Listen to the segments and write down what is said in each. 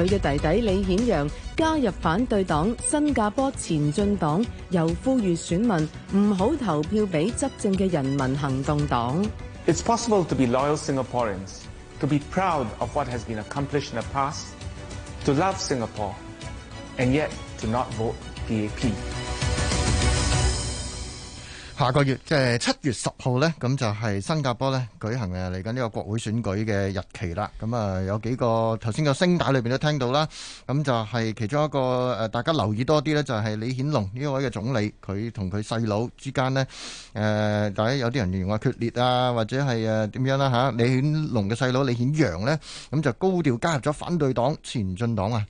佢嘅弟弟李顯揚加入反對黨新加坡前進黨，又呼籲選民唔好投票俾執政嘅人民行動黨。下個月即係七月十號咧，咁就係新加坡咧舉行誒嚟緊呢個國會選舉嘅日期啦。咁啊，有幾個頭先個聲帶裏邊都聽到啦。咁就係其中一個誒，大家留意多啲咧，就係李顯龍呢位嘅總理，佢同佢細佬之間咧誒，大家有啲人形容話決裂啊，或者係誒點樣啦嚇？李顯龍嘅細佬李顯陽咧，咁就高調加入咗反對黨前進黨啊！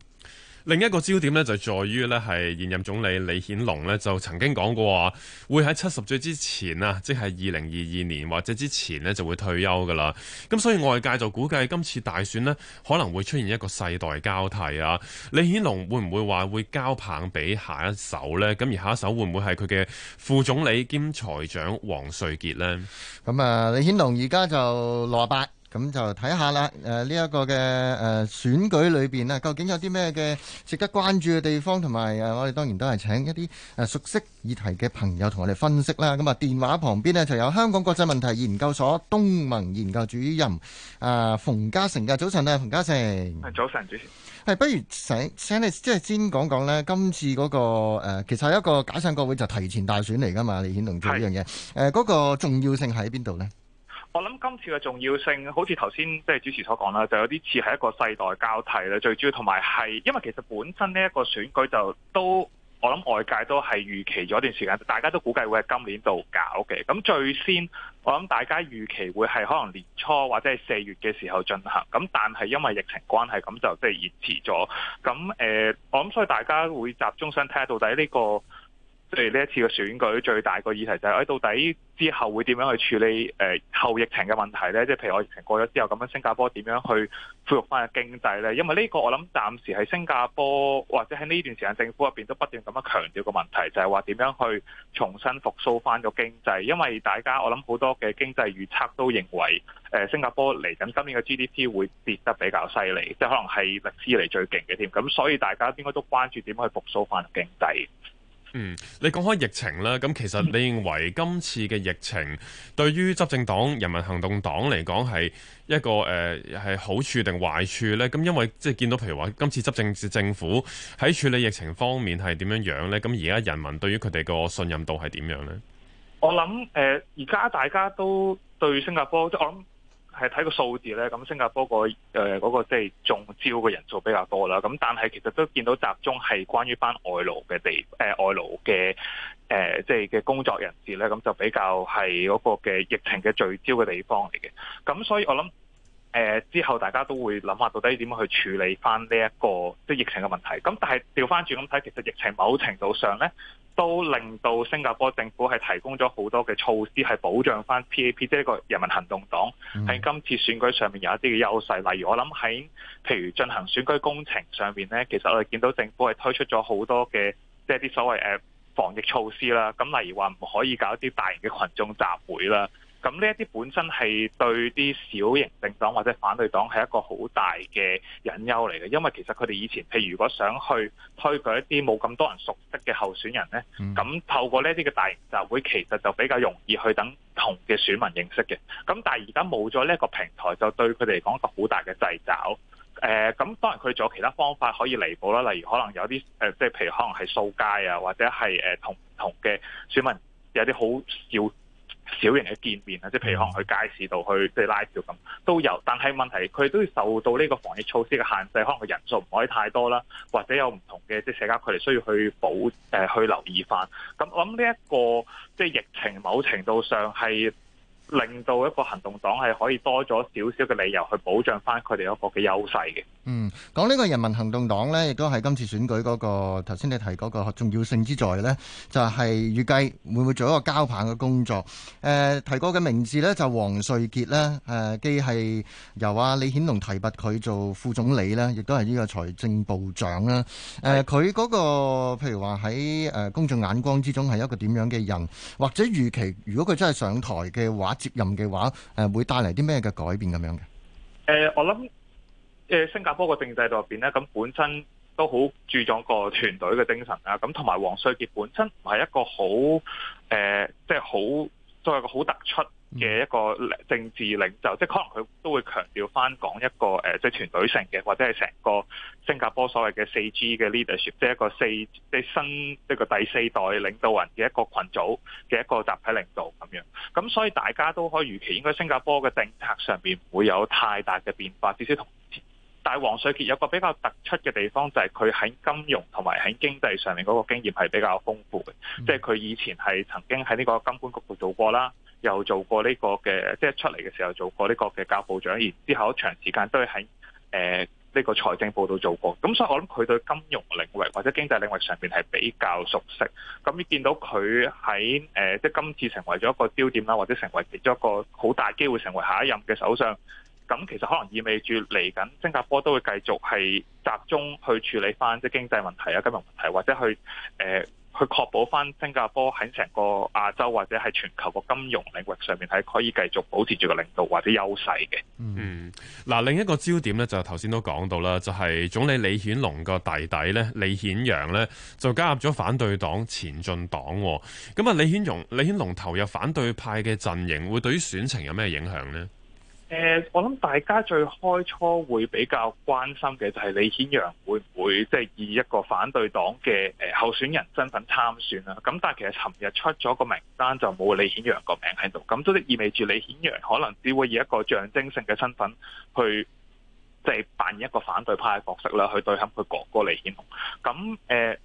另一個焦點呢，就係在於呢係現任總理李顯龍呢就曾經講過，話會喺七十歲之前啊，即係二零二二年或者之前呢就會退休㗎喇。咁所以外界就估計今次大選呢可能會出現一個世代交替啊。李顯龍會唔會話會交棒俾下一手呢？咁而下一手會唔會係佢嘅副總理兼財長黃瑞傑呢？咁啊，李顯龍而家就攞白。咁就睇下啦，誒呢一個嘅誒、呃、選舉裏邊，呢究竟有啲咩嘅值得關注嘅地方，同埋、啊、我哋當然都係請一啲熟悉議題嘅朋友同我哋分析啦。咁啊電話旁邊呢，就有香港國際問題研究所東盟研究主任啊、呃、馮家成嘅。早晨啊，馮嘉誠。誒，早晨，主持，不如請請你即係先講講呢，今次嗰、那個誒、呃，其實一個解散國會就提前大選嚟噶嘛，李顯龍做呢樣嘢。誒，嗰、呃那個重要性喺邊度呢？我諗今次嘅重要性，好似頭先即係主持所講啦，就有啲似係一個世代交替啦。最主要同埋係，因為其實本身呢一個選舉就都我諗外界都係預期咗一段時間，大家都估計會喺今年度搞嘅。咁最先我諗大家預期會係可能年初或者係四月嘅時候進行。咁但係因為疫情關係，咁就即係延遲咗。咁誒，我諗所以大家會集中想睇下到底呢個。即係呢一次嘅選舉最大個議題就係，哎，到底之後會點樣去處理誒後疫情嘅問題呢？即係譬如我疫情過咗之後，咁樣新加坡點樣去恢復翻個經濟呢？因為呢個我諗暫時喺新加坡或者喺呢段時間政府入邊都不斷咁樣強調個問題，就係話點樣去重新復甦翻個經濟。因為大家我諗好多嘅經濟預測都認為，誒新加坡嚟緊今年嘅 GDP 會跌得比較犀利，即係可能係歷史嚟最勁嘅添。咁所以大家應該都關注點樣去復甦翻經濟。嗯，你講開疫情啦，咁其實你認為今次嘅疫情對於執政黨人民行動黨嚟講係一個誒係、呃、好處定壞處呢？咁因為即係見到，譬如話今次執政政府喺處理疫情方面係點樣樣呢？咁而家人民對於佢哋個信任度係點樣呢？我諗誒，而、呃、家大家都對新加坡即係我諗。係睇個數字咧，咁新加坡、嗰個誒嗰、嗰個即係中招嘅人數比較多啦。咁但係其實都見到集中係關於班外勞嘅地，誒、呃、外勞嘅誒即係嘅工作人士咧，咁就比較係嗰個嘅疫情嘅聚焦嘅地方嚟嘅。咁所以我諗。誒之後，大家都會諗下到底點樣去處理翻呢一個即係疫情嘅問題。咁但係調翻轉咁睇，其實疫情某程度上咧，都令到新加坡政府係提供咗好多嘅措施，係保障翻 PAP，即係一個人民行動黨喺今次選舉上面有一啲嘅優勢。例如我諗喺譬如進行選舉工程上面咧，其實我哋見到政府係推出咗好多嘅即係啲所謂誒防疫措施啦。咁例如話唔可以搞一啲大型嘅群眾集會啦。咁呢一啲本身係對啲小型政黨或者反對黨係一個好大嘅隱憂嚟嘅，因為其實佢哋以前譬如如果想去推舉一啲冇咁多人熟悉嘅候選人咧，咁、嗯、透過呢一啲嘅大型集會，其實就比較容易去等同嘅選民認識嘅。咁但係而家冇咗呢一個平台，就對佢哋嚟講一個好大嘅掣肘。誒、呃，咁當然佢仲有其他方法可以彌補啦，例如可能有啲即係譬如可能係掃街啊，或者係同唔同嘅選民有啲好少。小型嘅見面啊，即係譬如講去街市度去即係拉票，咁都有，但係問題佢都要受到呢個防疫措施嘅限制，可能佢人數唔可以太多啦，或者有唔同嘅即係社交距離需要去保誒去留意翻。咁我諗呢一個即係、就是、疫情某程度上係，令到一個行動黨係可以多咗少少嘅理由去保障翻佢哋一個嘅優勢嘅。嗯，講呢個人民行動黨咧，亦都係今次選舉嗰個頭先你提嗰個重要性之在咧，就係預計會唔會做一個交棒嘅工作。誒，提過嘅名字咧就王瑞傑咧，誒既係由阿李顯龍提拔佢做副總理咧，亦都係呢個財政部長啦。誒，佢嗰個譬如話喺誒公眾眼光之中係一個點樣嘅人，或者預期如果佢真係上台嘅話，接任嘅話誒會帶嚟啲咩嘅改變咁樣嘅？誒、呃，我諗誒、呃、新加坡嘅政制度入邊咧，咁本身都好注重個團隊嘅精神啊，咁同埋黃瑞杰本身唔係一個好誒，即係好都有個好突出嘅一個政治領袖，即係可能佢都會強調翻講一個誒，即係團隊性嘅，或者係成個新加坡所謂嘅四 G 嘅 leadership，即係一個四即係新一個第四代領導人嘅一個群組嘅一個集體領導咁樣。咁所以大家都可以預期，應該新加坡嘅政策上邊唔會有太大嘅變化，至少同。但係王瑞杰有個比較突出嘅地方就係佢喺金融同埋喺經濟上面嗰個經驗係比較豐富嘅、嗯，即係佢以前係曾經喺呢個金管局度做過啦，又做過呢、這個嘅，即、就、係、是、出嚟嘅時候做過呢個嘅教部長，然之後一長時間都喺誒呢個財政部度做過。咁所以我諗佢對金融領域或者經濟領域上面係比較熟悉。咁見到佢喺誒即係今次成為咗一個焦點啦，或者成為其中一個好大機會成為下一任嘅首相。咁其實可能意味住嚟緊新加坡都會繼續係集中去處理翻即經濟問題啊、金融問題，或者去誒、呃、去確保翻新加坡喺成個亞洲或者係全球個金融領域上面係可以繼續保持住個領導或者優勢嘅、嗯。嗯，嗱另一個焦點呢，就係頭先都講到啦，就係、是、總理李顯龍個弟弟呢，李顯揚呢，就加入咗反對黨前進黨、哦。咁啊，李顯揚、李顯龍投入反對派嘅陣營，會對於選情有咩影響呢？誒，我諗大家最開初會比較關心嘅就係李顯揚會唔會即係以一個反對黨嘅誒候選人身份參選啦。咁但係其實尋日出咗個名單就冇李顯揚個名喺度，咁都意味住李顯揚可能只會以一個象徵性嘅身份去即係扮演一個反對派嘅角色啦，去對撼佢哥哥李顯龍。咁誒。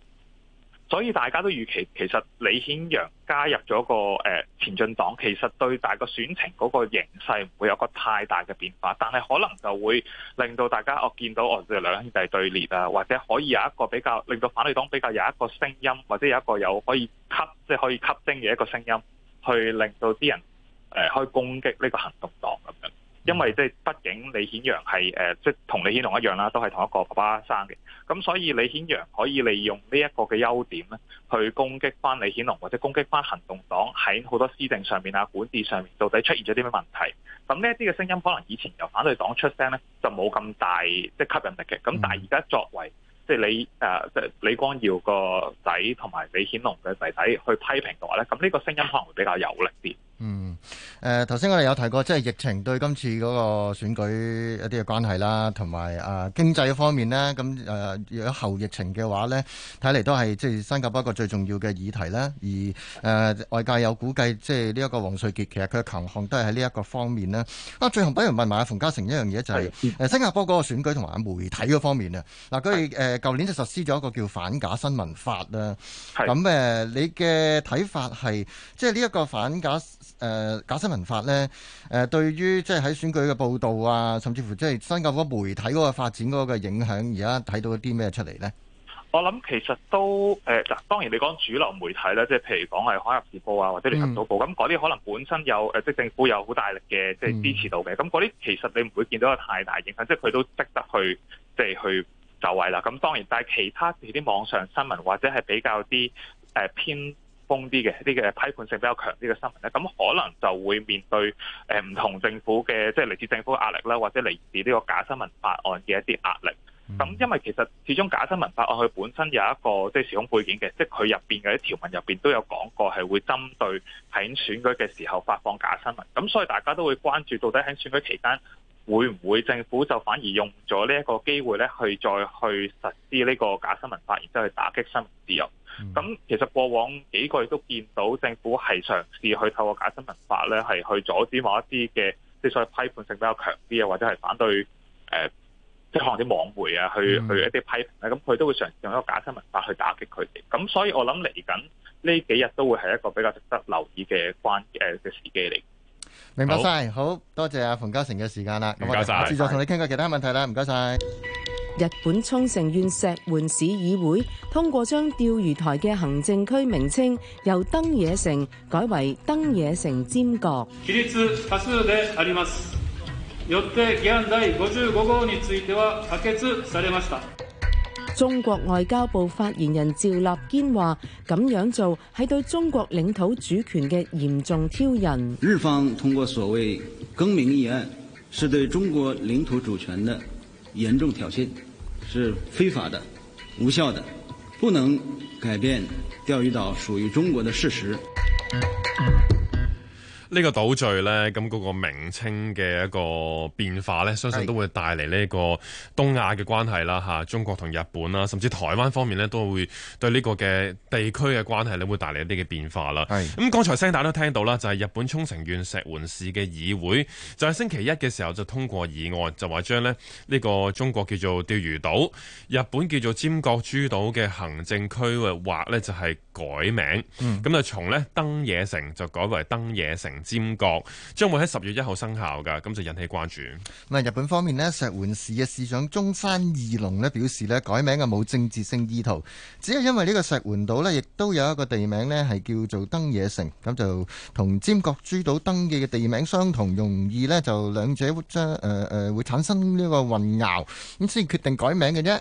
所以大家都預期，其實李顯揚加入咗個誒前進黨，其實對大個選情嗰個形勢唔會有個太大嘅變化，但係可能就會令到大家我見到我哋兩兄弟對立啊，或者可以有一個比較令到反對黨比較有一個聲音，或者有一個有可以吸即係、就是、可以吸睛嘅一個聲音，去令到啲人誒可以攻擊呢個行動。因為即係畢竟李顯揚係誒，即係同李顯龍一樣啦，都係同一個爸爸生嘅。咁所以李顯揚可以利用呢一個嘅優點咧，去攻擊返李顯龍或者攻擊返行動黨喺好多施政上面啊、管治上面到底出現咗啲咩問題。咁呢一啲嘅聲音可能以前由反對黨出聲咧，就冇咁大即係吸引力嘅。咁但係而家作為即係李誒即係李光耀個仔同埋李顯龍嘅仔仔去批評嘅話咧，咁呢個聲音可能會比較有力啲。嗯，誒、呃，頭先我哋有提過，即係疫情對今次嗰個選舉一啲嘅關係啦，同埋啊經濟嘅方面啦。咁誒若後疫情嘅話呢，睇嚟都係即係新加坡一個最重要嘅議題啦。而誒、呃、外界有估計，即係呢一個王瑞杰，其實佢嘅強項都係喺呢一個方面啦。啊，最後不如問埋阿馮嘉誠一樣嘢，就係、是、誒新加坡嗰個選舉同埋媒體嗰方面啊。嗱，佢誒舊年就實施咗一個叫反假新聞法啦。咁誒、呃，你嘅睇法係即係呢一個反假？誒、呃、假新聞法咧，誒、呃、對於即係喺選舉嘅報導啊，甚至乎即係新加坡媒體嗰個發展嗰個影響，而家睇到啲咩出嚟咧？我諗其實都誒，嗱、呃、當然你講主流媒體咧，即係譬如講係《海峽時報》啊，或者、啊《聯合早報》咁、嗯，嗰啲可能本身有誒，即政府有好大力嘅即係支持到嘅，咁嗰啲其實你唔會見到有太大影響，即係佢都值得去即係去就位啦。咁當然，但係其他譬如啲網上新聞或者係比較啲誒、呃、偏封啲嘅，啲嘅批判性比較強啲嘅新聞咧，咁可能就會面對誒唔同政府嘅，即係嚟自政府壓力啦，或者嚟自呢個假新聞法案嘅一啲壓力。咁因為其實始終假新聞法案佢本身有一個即係、就是、時空背景嘅，即係佢入面嘅一條文入面都有講過係會針對喺選舉嘅時候發放假新聞。咁所以大家都會關注到底喺選舉期間。會唔會政府就反而用咗呢一個機會咧，去再去實施呢個假新聞法，然之後去打擊新聞自由？咁、嗯、其實過往幾個月都見到政府係嘗試去透過假新聞法咧，係去阻止某一啲嘅即係所謂批判性比較強啲啊，或者係反對誒即係可能啲網媒啊，去、嗯、去一啲批評咧。咁佢都會嘗試用一個假新聞法去打擊佢哋。咁所以我諗嚟緊呢幾日都會係一個比較值得留意嘅關誒嘅時機嚟。明白晒，好，好多謝阿馮嘉誠嘅時間啦，咁我晒，唔再同你傾過其他問題啦，唔該晒。日本沖繩縣石垣市議會通過將釣魚台嘅行政區名稱由登野城改為登野城尖閣。比率多數であります。よって議案第55號については可決されました。中國外交部發言人趙立堅話，咁樣做係對中國領土主權嘅嚴重挑釁。日方通過所謂更名議案，是對中國領土主權的嚴重挑釁，是非法的、無效的，不能改變釣魚島屬於中國的事實。這個、呢、那個島嶼咧，咁嗰個名稱嘅一個變化咧，相信都會帶嚟呢個東亞嘅關係啦，吓、啊、中國同日本啦、啊，甚至台灣方面咧，都會對個呢個嘅地區嘅關係咧，會帶嚟一啲嘅變化啦。咁，剛、啊、才聲帶都聽到啦，就係、是、日本沖繩縣石垣市嘅議會就係、是、星期一嘅時候就通過議案，就話將咧呢、這個中國叫做釣魚島日本叫做尖閣諸島嘅行政區域劃咧就係、是、改名，咁、嗯、就從咧登野城就改為登野城。尖閣將會喺十月一號生效噶，咁就引起關注。咁日本方面呢，石垣市嘅市長中山義隆呢表示咧，改名嘅冇政治性意圖，只係因為呢個石垣島呢亦都有一個地名呢係叫做登野城，咁就同尖閣諸島登記嘅地名相同，容易呢就兩者將誒誒會產生呢個混淆，咁先決定改名嘅啫。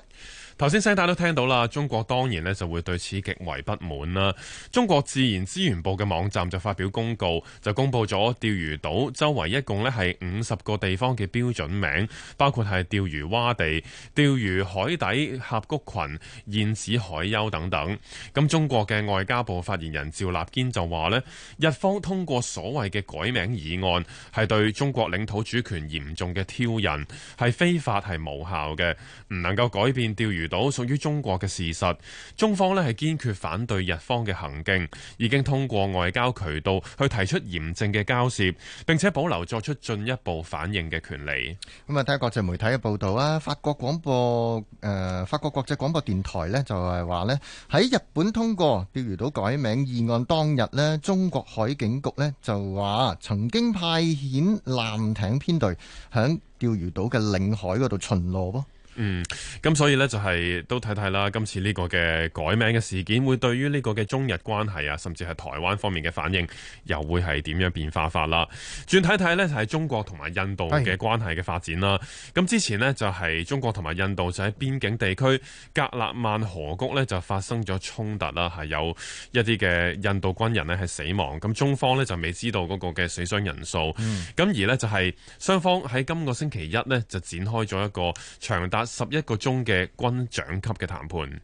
頭先聲帶都聽到啦，中國當然咧就會對此極為不滿啦。中國自然資源部嘅網站就發表公告，就公布咗釣魚島周圍一共咧係五十個地方嘅標準名，包括係釣魚窪地、釣魚海底峽谷群、燕子海丘等等。咁中國嘅外交部發言人趙立堅就話咧，日方通過所謂嘅改名議案，係對中國領土主權嚴重嘅挑釁，係非法，係無效嘅，唔能夠改變釣魚釣魚島屬於中國嘅事實，中方咧係堅決反對日方嘅行徑，已經通過外交渠道去提出嚴正嘅交涉，並且保留作出進一步反應嘅權利。咁啊，睇下國際媒體嘅報道啊，法國廣播誒、呃，法國國際廣播電台咧就係話咧喺日本通過釣魚島改名議案當日咧，中國海警局咧就話曾經派遣艦艇編隊響釣魚島嘅領海嗰度巡邏。嗯，咁所以咧就係、是、都睇睇啦，今次呢個嘅改名嘅事件會對於呢個嘅中日關係啊，甚至係台灣方面嘅反應又會係點樣變化法啦？轉睇睇咧就係、是、中國同埋印度嘅關係嘅發展啦。咁之前咧就係、是、中國同埋印度就喺邊境地區加勒萬河谷咧就發生咗衝突啦，係有一啲嘅印度軍人咧係死亡，咁中方咧就未知道嗰個嘅死傷人數。咁而咧就係、是、雙方喺今個星期一咧就展開咗一個長達十一個鐘嘅軍長級嘅談判，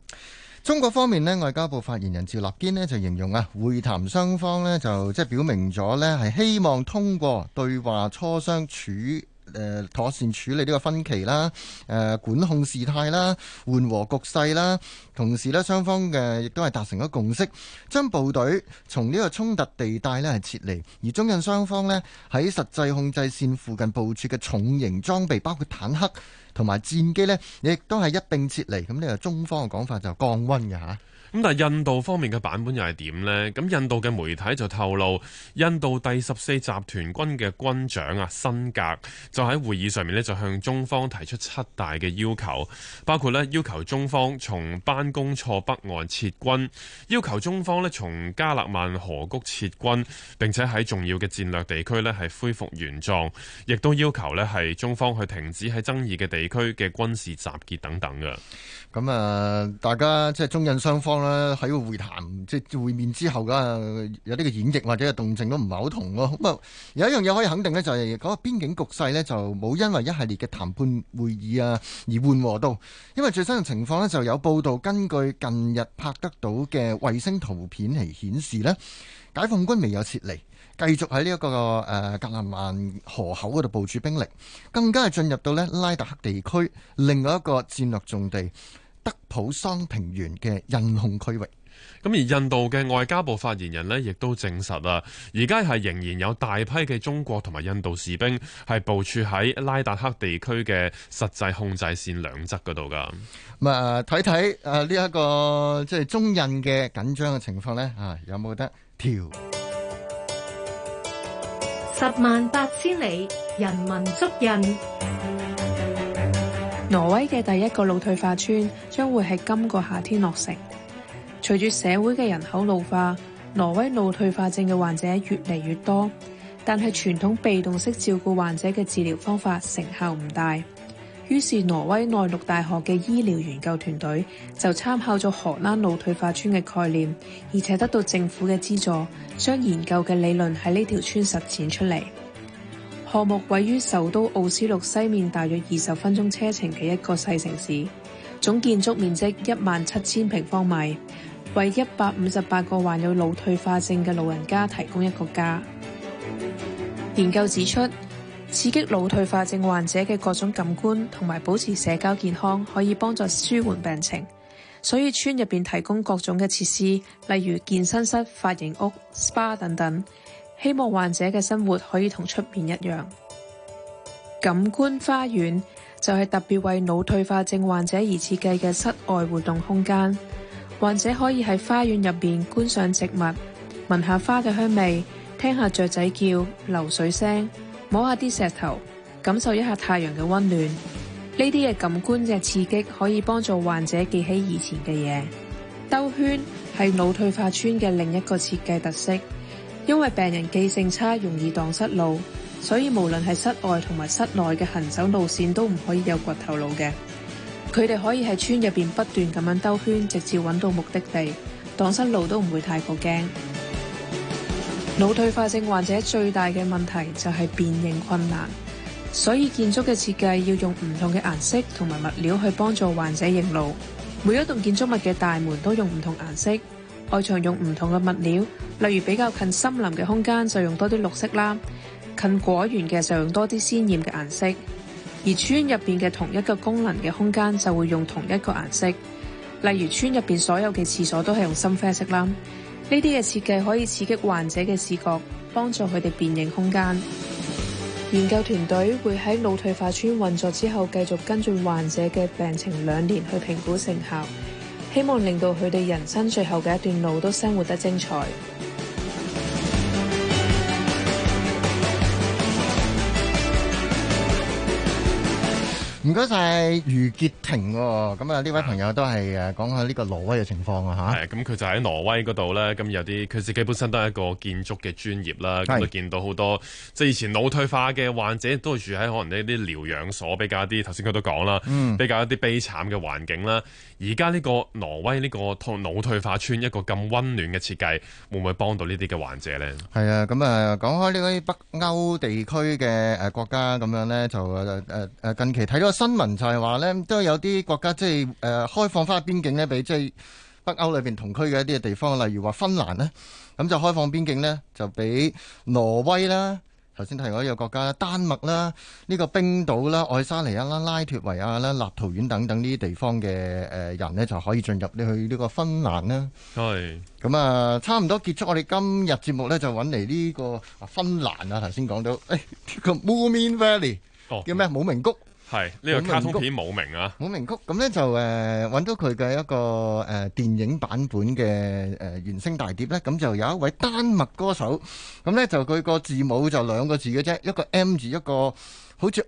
中國方面呢，外交部發言人趙立堅呢就形容啊，會談雙方呢，就即係表明咗呢，係希望通過對話磋商處。誒、呃，妥善處理呢個分歧啦、呃，管控事態啦，緩和局勢啦，同時呢，雙方嘅亦都係達成咗共識，將部隊從呢個衝突地帶呢係撤離，而中印雙方呢，喺實際控制線附近部署嘅重型裝備，包括坦克同埋戰機呢，亦都係一並撤離。咁呢個中方嘅講法就降溫嘅吓。咁但係印度方面嘅版本又係點咧？咁印度嘅媒體就透露，印度第十四集團軍嘅軍長啊，辛格就喺會議上面咧，就向中方提出七大嘅要求，包括咧要求中方從班公錯北岸撤軍，要求中方咧從加勒曼萬河谷撤軍，並且喺重要嘅戰略地區咧係恢復原狀，亦都要求咧係中方去停止喺爭議嘅地區嘅軍事集結等等嘅。咁啊、呃，大家即係中印雙方。喺個會談即係會面之後噶，有啲嘅演繹或者嘅動靜都唔係好同咯。不過有一樣嘢可以肯定咧，就係嗰個邊境局勢呢，就冇因為一系列嘅談判會議啊而緩和到。因為最新嘅情況呢，就有報道，根據近日拍得到嘅衛星圖片嚟顯示，呢解放軍未有撤離，繼續喺呢一個誒格蘭曼河口嗰度部署兵力，更加係進入到呢拉達克地區另外一個戰略重地，普桑平原嘅印控區域，咁而印度嘅外交部發言人呢亦都證實啦，而家係仍然有大批嘅中國同埋印度士兵係部署喺拉達克地區嘅實際控制線兩側嗰度噶。啊，睇睇啊呢一個即係中印嘅緊張嘅情況咧，啊有冇得調？十萬八千里，人文足印。嗯挪威嘅第一個腦退化村將會喺今個夏天落成。隨住社會嘅人口老化，挪威腦退化症嘅患者越嚟越多，但係傳統被動式照顧患者嘅治療方法成效唔大。於是，挪威內陸大學嘅醫療研究團隊就參考咗荷蘭腦退化村嘅概念，而且得到政府嘅資助，將研究嘅理論喺呢條村實踐出嚟。項目位於首都奧斯陸西面大約二十分鐘車程嘅一個細城市，總建築面積一萬七千平方米，為一百五十八個患有腦退化症嘅老人家提供一個家。研究指出，刺激腦退化症患者嘅各種感官，同埋保持社交健康，可以幫助舒緩病情。所以村入邊提供各種嘅設施，例如健身室、髮型屋、SPA 等等。希望患者嘅生活可以同出面一樣。感官花園就係特別為腦退化症患者而設計嘅室外活動空間。患者可以喺花園入邊觀賞植物，聞下花嘅香味，聽下雀仔叫、流水聲，摸下啲石頭，感受一下太陽嘅溫暖。呢啲嘅感官嘅刺激可以幫助患者記起以前嘅嘢。兜圈係腦退化村嘅另一個設計特色。因為病人記性差，容易蕩失路，所以無論係室外同埋室內嘅行走路線都唔可以有掘頭路嘅。佢哋可以喺村入邊不斷咁樣兜圈，直至搵到目的地，蕩失路都唔會太過驚。 腦退化症患者最大嘅問題就係辨認困難，所以建築嘅設計要用唔同嘅顏色同埋物料去幫助患者認路。每一棟建築物嘅大門都用唔同顏色。外牆用唔同嘅物料，例如比較近森林嘅空間就用多啲綠色啦，近果園嘅就用多啲鮮艷嘅顏色。而村入邊嘅同一個功能嘅空間就會用同一個顏色，例如村入邊所有嘅廁所都係用深啡色啦。呢啲嘅設計可以刺激患者嘅視覺，幫助佢哋辨認空間。研究團隊會喺腦退化村運作之後，繼續跟進患者嘅病情兩年去評估成效。希望令到佢哋人生最後嘅一段路都生活得精彩。唔該晒余潔婷。哦，咁啊呢位朋友都係誒講下呢個威的挪威嘅情況啊吓。係，咁佢就喺挪威嗰度啦，咁有啲佢自己本身都係一個建築嘅專業啦，咁都見到好多即係以前腦退化嘅患者都係住喺可能呢啲療養所，比較一啲頭先佢都講啦，嗯，比較一啲悲慘嘅環境啦。而家呢個挪威呢個腦退化村一個咁溫暖嘅設計，會唔會幫到呢啲嘅患者呢？係啊，咁啊講開呢啲北歐地區嘅誒、啊、國家咁樣呢，就誒誒、啊啊、近期睇到個新聞就係話呢，都有啲國家即係誒開放翻邊境呢俾即係北歐裏邊同區嘅一啲嘅地方，例如話芬蘭呢，咁就開放邊境呢就俾挪威啦。頭先提過一個國家啦，丹麥啦，呢個冰島啦，愛沙尼亞啦，拉脫維亞啦，立陶宛等等呢啲地方嘅誒人咧，就可以進入你去呢個芬蘭啦。係咁啊，差唔多結束我哋今日節目咧，就揾嚟呢個芬蘭啊，頭先講到，誒呢個 Moomin Valley，叫咩？姆明谷。係呢個卡通片冇名啊，冇名曲咁，咧就誒，揾、呃、到佢嘅一個誒、呃、電影版本嘅誒、呃、原聲大碟咧，咁就有一位丹麥歌手，咁咧就佢個字母就兩個字嘅啫，一個 M 字，一個好似。